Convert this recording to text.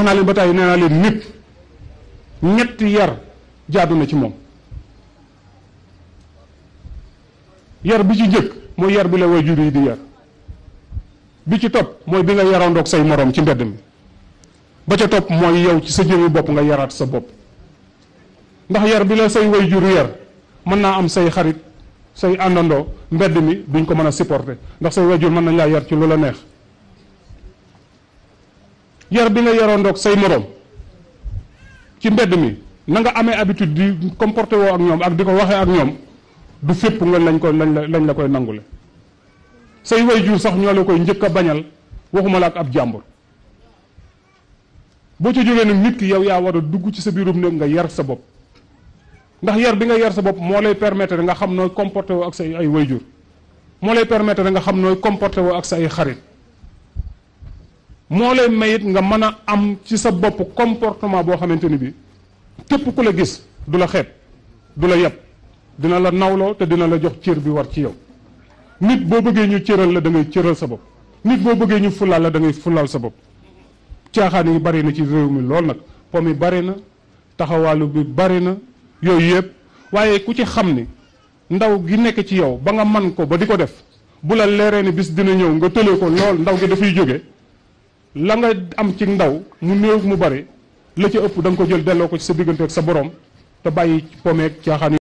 wax naa leen ba tàyyi nee naa leen nit ñetti yar jaadu na ci moom yar bi ci jëkk mooy yar bi la waajur yi di yar bi ci topp mooy bi nga yarandoog say moroom ci mbedd mi ba ca topp mooy yow ci sa jëmmi bopp nga yaraat sa bopp ndax yar bi la say waajur yar mën naa am say xarit say àndandoo mbedd mi duñ ko mën a supporter ndax say waajur mën nañ laa yar ci lu la neex yar bi nga yarondoog say morom ci mbedd mi na nga amé habitude di comporté wo ak ñom ak diko waxé ak ñom du fepp nga lañ ko lañ la koy nangulé say wayju sax ñoo koy njëkk bañal waxuma la ak ab jàmbur bo ci jogé nag nit ki yow ya wara dugg ci sa birum nga yar sa bop ndax yar bi nga yar sa bop mo lay permettre nga xam nooy comporté wo ak say ay wayjur mo lay permettre nga xam comporté wo ak say xarit moo lay mayit nga mën am ci sa bopp comportement boo xamante ni bi képp ku la gis du la xeeb la yeb dina la nawloo te dina la jox cër bi war ci yow nit boo bëggee ñu cëral la da ngay cëral sa bopp nit boo bëggee ñu fulaal la da ngay fulaal sa bopp caaxaan yi bari na ci réew mi lool nag pom bari na taxawaalu bi bari na yooyu yëpp waaye ku ci xam ni ndaw gi nekk ci yow ba nga man ko ba di def bu la ni bis dina ñëw nga tëlee ko lool ndaw gi dafay la nga am ci ndaw mu neew mu bari la ci ëpp da nga ko jël delloo ko ci sa diggante ak sa borom te bàyyi pomeeg caaxaan